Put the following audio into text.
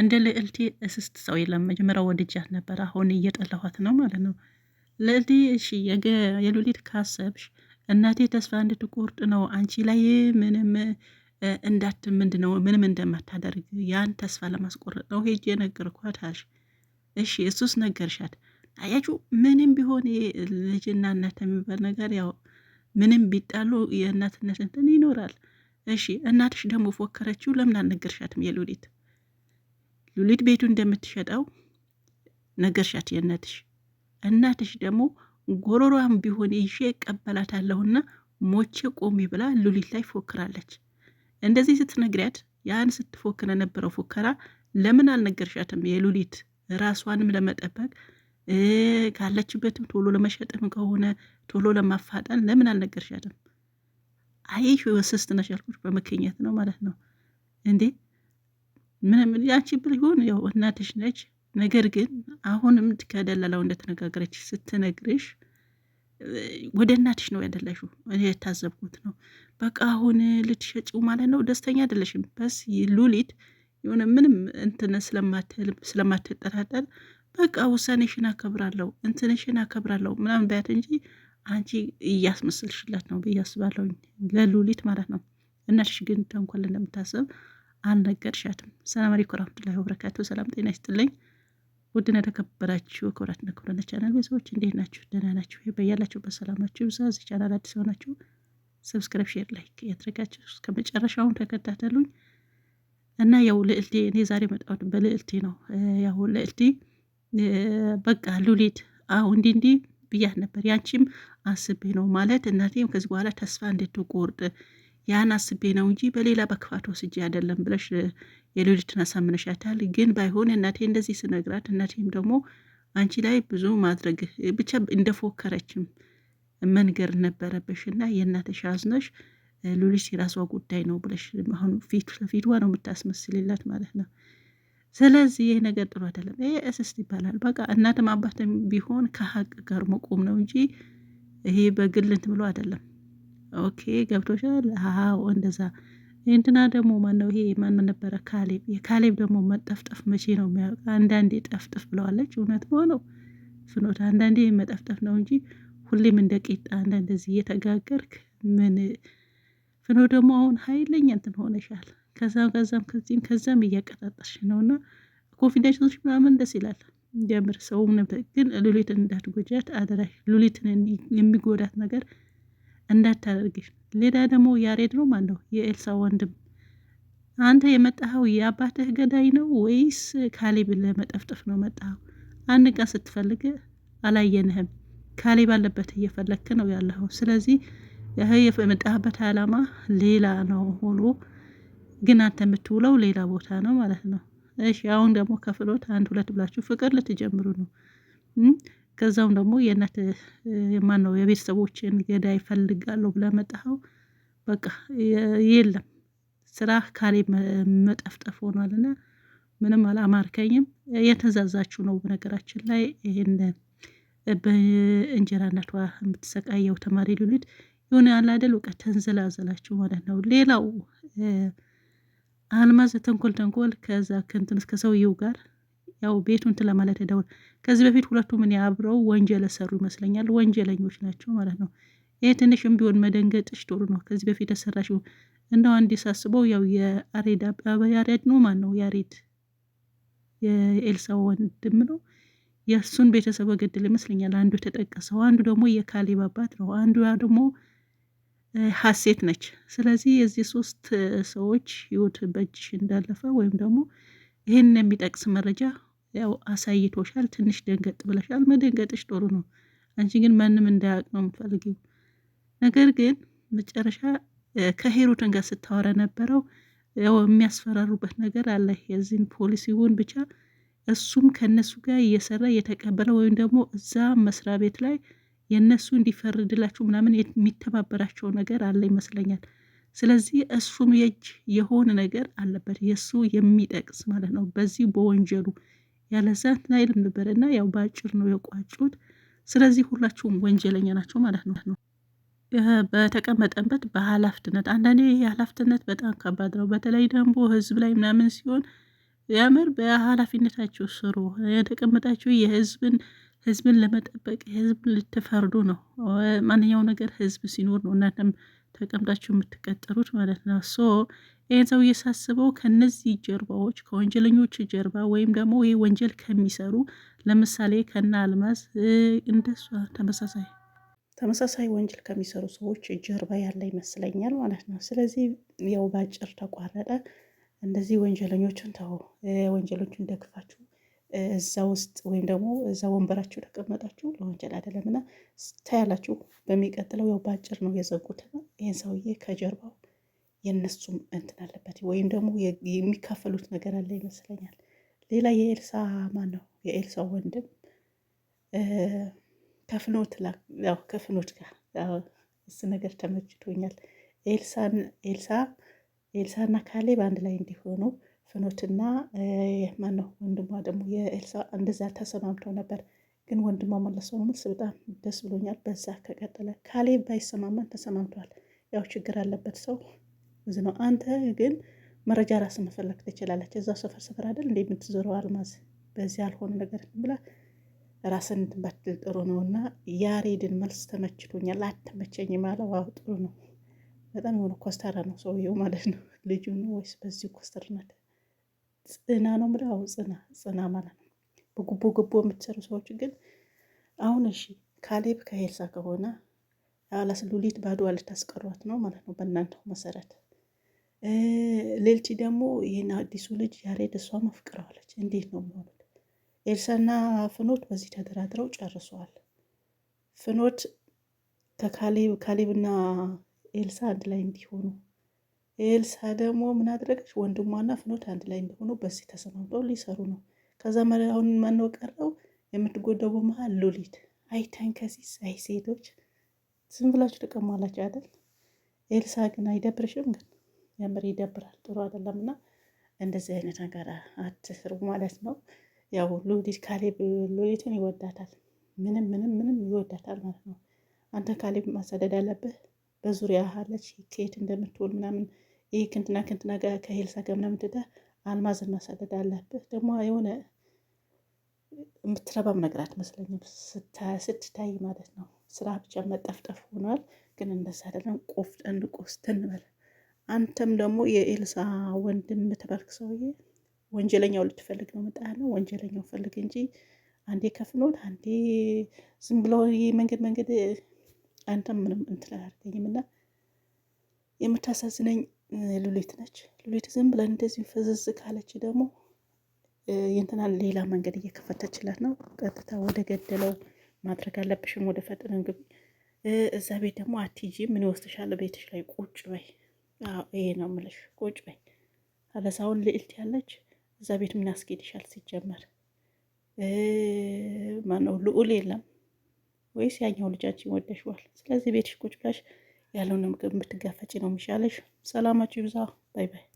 እንደ ልዕልቴ እስስት ሰው የለም። መጀመሪያ ወድጃት ነበር፣ አሁን እየጠላኋት ነው ማለት ነው። ልዕልቴ እሺ፣ የሉሊት ካሰብሽ እናቴ ተስፋ እንድትቆርጥ ነው አንቺ ላይ ምንም እንዳት ምንድ ነው ምንም እንደማታደርግ ያን ተስፋ ለማስቆረጥ ነው ሄጄ ነገርኳታሽ። እሺ እሱስ ነገርሻት? አያችሁ ምንም ቢሆን ልጅና እናት የሚባል ነገር ያው ምንም ቢጣሉ የእናትነት እንትን ይኖራል። እሺ እናትሽ ደግሞ ፎከረችው፣ ለምን አልነገርሻትም የሉሊት ሉሊት ቤቱ እንደምትሸጠው ነገርሻት። የእናትሽ እናትሽ ደግሞ ጎሮሯም ቢሆን ይዤ እቀበላታለሁና ሞቼ ቆሚ ብላ ሉሊት ላይ ፎክራለች። እንደዚህ ስትነግሪያት ያን ስትፎክር የነበረው ፎከራ ለምን አልነገርሻትም? የሉሊት ራሷንም ለመጠበቅ ካለችበትም ቶሎ ለመሸጥም ከሆነ ቶሎ ለማፋጠን ለምን አልነገርሻትም? አይሽ ስስት ነሽ ያልኩሽ በምክንያት ነው ማለት ነው እንዴ ምንም ያቺ ብር ያው እናትሽ ነች። ነገር ግን አሁንም ከደላላው እንደተነጋገረች ስትነግርሽ ወደ እናትሽ ነው ያደላሹ። እኔ የታዘብኩት ነው። በቃ አሁን ልትሸጪው ማለት ነው። ደስተኛ አይደለሽም። በስ ሉሊት የሆነ ምንም እንትን ስለማትጠራጠር በቃ ውሳኔሽን አከብራለሁ እንትንሽን አከብራለሁ ምናምን በያት እንጂ አንቺ እያስመስልሽላት ነው ብዬ አስባለሁ፣ ለሉሊት ማለት ነው። እናትሽ ግን ተንኮል እንደምታስብ አልነገርሻትም። ሰላም አለይኩም ወራህመቱላሂ ወበረካቱ። ሰላም ጤና ይስጥልኝ። ውድና የተከበራችሁ ክብራትና ክብራን ቻናል ቤተሰቦች እንዴት ናችሁ? ደህና ናችሁ? በያላችሁ በሰላማችሁ ይብዛ። እዚህ ቻናል አዲስ ሆናችሁ ሰብስክራይብ፣ ሼር፣ ላይክ ያደረጋችሁ እስከ መጨረሻውን ተከታተሉኝ እና ያው ልዕልቴ እኔ ዛሬ መጣሁት በልዕልቴ ነው። ያው ልዕልቴ በቃ ሉሊት አሁ እንዲ እንዲ ብያት ነበር። ያንቺም አስቤ ነው ማለት እናቴም ከዚህ በኋላ ተስፋ እንድትቆርጥ ያን አስቤ ነው እንጂ በሌላ በክፋት ወስጄ አይደለም ብለሽ የልጅትን አሳምነሻታል። ግን ባይሆን እናቴ እንደዚህ ስነግራት እናቴም ደግሞ አንቺ ላይ ብዙ ማድረግ ብቻ እንደፎከረችም መንገር ነበረብሽ እና የእናትሽ አዝነሽ ሉሊት የራሷ ጉዳይ ነው ብለሽ አሁን ፊት ለፊትዋ ነው የምታስመስልላት ማለት ነው። ስለዚህ ይህ ነገር ጥሩ አይደለም። ይሄ እስስት ይባላል። በቃ እናትም አባትም ቢሆን ከሀቅ ጋር መቆም ነው እንጂ ይሄ በግል እንትን ብሎ አይደለም። ኦኬ ገብቶሻል አዎ እንደዛ እንትና ደግሞ ማነው ይሄ ማን ነበረ ካሌብ የካሌብ ደግሞ መጠፍጠፍ መቼ ነው የሚያውቅ አንዳንዴ ጠፍጥፍ ብለዋለች እውነት በሆነው ፍኖት አንዳንዴ መጠፍጠፍ ነው እንጂ ሁሌም እንደ ቂጣ እንደዚህ እየተጋገርክ ምን ፍኖ ደግሞ አሁን ሀይለኛ እንትን ሆነሻል ከዛም ከዛም ከዚህም ከዛም እያቀጣጠርሽ ነው እና ኮንፊደንሶች ምናምን ደስ ይላል ጀምር ሰው ግን ሉሊትን እንዳትጎጃት አደራሽ ሉሊትን የሚጎዳት ነገር እንዳታደርግ። ሌላ ደግሞ ያሬድ ነው ማለት ነው የኤልሳ ወንድም። አንተ የመጣኸው የአባትህ ገዳይ ነው ወይስ ካሌብ ለመጠፍጠፍ ነው መጣኸው? አንድ ቀን ስትፈልግ አላየንህም። ካሌብ አለበት እየፈለግክ ነው ያለኸው። ስለዚህ ይህ የመጣህበት ዓላማ ሌላ ነው ሆኖ ግን አንተ የምትውለው ሌላ ቦታ ነው ማለት ነው። እሺ አሁን ደግሞ ከፍሎት አንድ ሁለት ብላችሁ ፍቅር ልትጀምሩ ነው። ከዛውም ደግሞ የእናት ማን ነው የቤተሰቦችን ገዳይ እፈልጋለሁ ብለህ መጣኸው በቃ የለም ስራ ካሬ መጠፍጠፍ ሆኗል። ና ምንም አላማርከኝም። የተዛዛችሁ ነው በነገራችን ላይ ይህን በእንጀራ እናቷ የምትሰቃየው ተማሪ ሉሊት የሆነ ያለ አይደል እውቀት ተንዘላዘላችሁ ማለት ነው። ሌላው አልማዝ ተንኮል ተንኮል ከዛ ከእንትን እስከ ሰውየው ጋር ያው ቤቱ እንትን ለማለት ደውል ከዚህ በፊት ሁለቱ ምን አብረው ወንጀል ሰሩ ይመስለኛል። ወንጀለኞች ናቸው ማለት ነው። ይህ ትንሽም ቢሆን መደንገጥሽ ጥሩ ነው። ከዚህ በፊት የሰራሽው እንደው አንድ ሳስበው ያው የአሬድ ያሬድ ነው ማን ነው ያሬድ የኤልሳ ወንድም ነው። የእሱን ቤተሰብ ገድል ይመስለኛል አንዱ የተጠቀሰው፣ አንዱ ደግሞ የካሌብ አባት ነው፣ አንዱ ደግሞ ሀሴት ነች። ስለዚህ የዚህ ሶስት ሰዎች ህይወት በእጅሽ እንዳለፈ ወይም ደግሞ ይህን የሚጠቅስ መረጃ ያው አሳይቶሻል፣ ትንሽ ደንገጥ ብለሻል። መደንገጥሽ ጥሩ ነው። አንቺ ግን ማንም እንዳያውቅ ነው የምትፈልጊው። ነገር ግን መጨረሻ ከሄሩትን ጋር ስታወራ ነበረው ያው የሚያስፈራሩበት ነገር አለ። የዚህን ፖሊሲ ይሁን ብቻ እሱም ከነሱ ጋር እየሰራ እየተቀበለ ወይም ደግሞ እዛ መስሪያ ቤት ላይ የእነሱ እንዲፈርድላቸው ምናምን የሚተባበራቸው ነገር አለ ይመስለኛል። ስለዚህ እሱም የእጅ የሆነ ነገር አለበት የእሱ የሚጠቅስ ማለት ነው በዚህ በወንጀሉ ያለዛ አይልም ነበር እና ያው በአጭር ነው የቋጩት። ስለዚህ ሁላችሁም ወንጀለኛ ናቸው ማለት ነው። በተቀመጠበት በኃላፊነት አንዳንዴ የኃላፊነት በጣም ከባድ ነው። በተለይ ደግሞ ህዝብ ላይ ምናምን ሲሆን የምር በኃላፊነታችሁ ስሩ። የተቀመጣችሁ የህዝብን ህዝብን ለመጠበቅ ህዝብን ልትፈርዱ ነው። ማንኛው ነገር ህዝብ ሲኖር ነው እናንተም ተቀምጣችሁ የምትቀጠሩት ማለት ነው ሶ ይህን ሰው እየሳስበው ከነዚህ ጀርባዎች ከወንጀለኞች ጀርባ ወይም ደግሞ ይህ ወንጀል ከሚሰሩ ለምሳሌ ከነ አልማዝ እንደሷ ተመሳሳይ ተመሳሳይ ወንጀል ከሚሰሩ ሰዎች ጀርባ ያለ ይመስለኛል ማለት ነው። ስለዚህ ያው በአጭር ተቋረጠ። እንደዚህ ወንጀለኞችን ተው፣ ወንጀሎችን ደግፋችሁ እዛ ውስጥ ወይም ደግሞ እዛ ወንበራችሁ ተቀመጣችሁ ለወንጀል አይደለምና ታያላችሁ። በሚቀጥለው ያው በአጭር ነው የዘጉትና ይህን ሰውዬ ከጀርባው የእነሱም እንትን አለበት ወይም ደግሞ የሚካፈሉት ነገር አለ ይመስለኛል። ሌላ የኤልሳ ማን ነው የኤልሳ ወንድም ከፍኖት ያው ከፍኖት ጋር እሱ ነገር ተመችቶኛል። ኤልሳና ካሌብ አንድ ላይ እንዲሆኑ ፍኖትና ማነው ወንድሟ ደግሞ የኤልሳ እንደዛ ተሰማምተው ነበር። ግን ወንድሟ መለሰው መልስ በጣም ደስ ብሎኛል። በዛ ከቀጠለ ካሌብ ባይሰማማን ተሰማምተዋል። ያው ችግር አለበት ሰው እዚ ነው። አንተ ግን መረጃ ራስ መፈለግ ትችላለች። እዛ ሰፈር ሰፈር አይደል እንደ የምትዞረው አልማዝ በዚህ ያልሆነ ነገር ብላ ራስን ትንበትል ጥሩ ነው። እና ያሬድን መልስ ተመችቶኛል። አተመቸኝ ማለው አዎ ጥሩ ነው። በጣም የሆነ ኮስተር ነው ሰውየው ማለት ነው። ልጁ ነው ወይስ በዚህ ኮስተርነት ጽና ነው ምለ አዎ ጽና ጽና ማለት ነው። በጉቦ ጉቦ የምትሰሩ ሰዎች ግን አሁን እሺ ካሌብ ከሄልሳ ከሆነ አላስ ሉሊት ባዶ ልታስቀሯት ነው ማለት ነው በእናንተው መሰረት ሌልቲ ደግሞ ይህን አዲሱ ልጅ ያሬድ እሷ መፍቅረዋለች። እንዴት ነው የሚሆኑት? ኤልሳና ፍኖት በዚህ ተደራድረው ጨርሰዋል። ፍኖት ከካሌብ ካሌብና ኤልሳ አንድ ላይ እንዲሆኑ ኤልሳ ደግሞ ምን አድረገች? ወንድሟና ፍኖት አንድ ላይ እንዲሆኑ በዚህ ተስማምተው ሊሰሩ ነው። ከዛ መሪያውን ማነው ቀረው? የምትጎደቡ መሀል ሉሊት አይተንከሲስ አይ ሴቶች ዝም ብላችሁ ተቀማላችሁ አይደል? ኤልሳ ግን አይደብርሽም ግን የምር ይደብራል፣ ጥሩ አይደለም። እና እንደዚህ አይነት ነገር አትስሩ ማለት ነው። ያው ሉሊት ካሌብ ሉሊትን ይወዳታል፣ ምንም ምንም ምንም ይወዳታል ማለት ነው። አንተ ካሌብ ማሳደድ አለብህ። በዙሪያ አለች ከየት እንደምትውል ምናምን ይህ ክንትና ክንትና ጋር ከሄልሳ ጋር ምናምን ትተህ አልማዝን ማሳደድ አለብህ። ደግሞ የሆነ የምትረባም ነገር አትመስለኝም ስትታይ ማለት ነው። ስራ ብቻ መጠፍጠፍ ሆኗል። ግን እንደዛ አይደለም። ቆፍጠን ቆስተን በል አንተም ደግሞ የኤልሳ ወንድም የምትባልክ ሰውዬ ወንጀለኛው ልትፈልግ ነው መጣ ያለው። ወንጀለኛው ፈልግ እንጂ አንዴ ከፍሎት አንዴ ዝም ብሎ መንገድ መንገድ አንተም ምንም እንትን አላደርገኝም። እና የምታሳዝነኝ ሉሊት ነች። ሉሊት ዝም ብለን እንደዚህ ፍዝዝ ካለች ደግሞ የእንትናን ሌላ መንገድ እየከፈተችላት ነው። ቀጥታ ወደ ገደለው ማድረግ አለብሽም፣ ወደ ፈጥነን ግቢ። እዛ ቤት ደግሞ አትሂጂ፣ ምን ይወስድሻል? ቤትሽ ላይ ቁጭ በይ አዎ ይሄ ነው ምልሽ። ቁጭ በይ አለሳውን ልዕልት ያለች እዛ ቤት ምን ያስጌድሻል? ሲጀመር ማነው ልዑል የለም ወይስ ያኛው ልጃችን ወደሽዋል? ስለዚህ ቤትሽ ቁጭ ብላሽ ያለውን ምግብ የምትጋፈጭ ነው የሚሻለሽ። ሰላማችሁ ይብዛ። ባይ ባይ።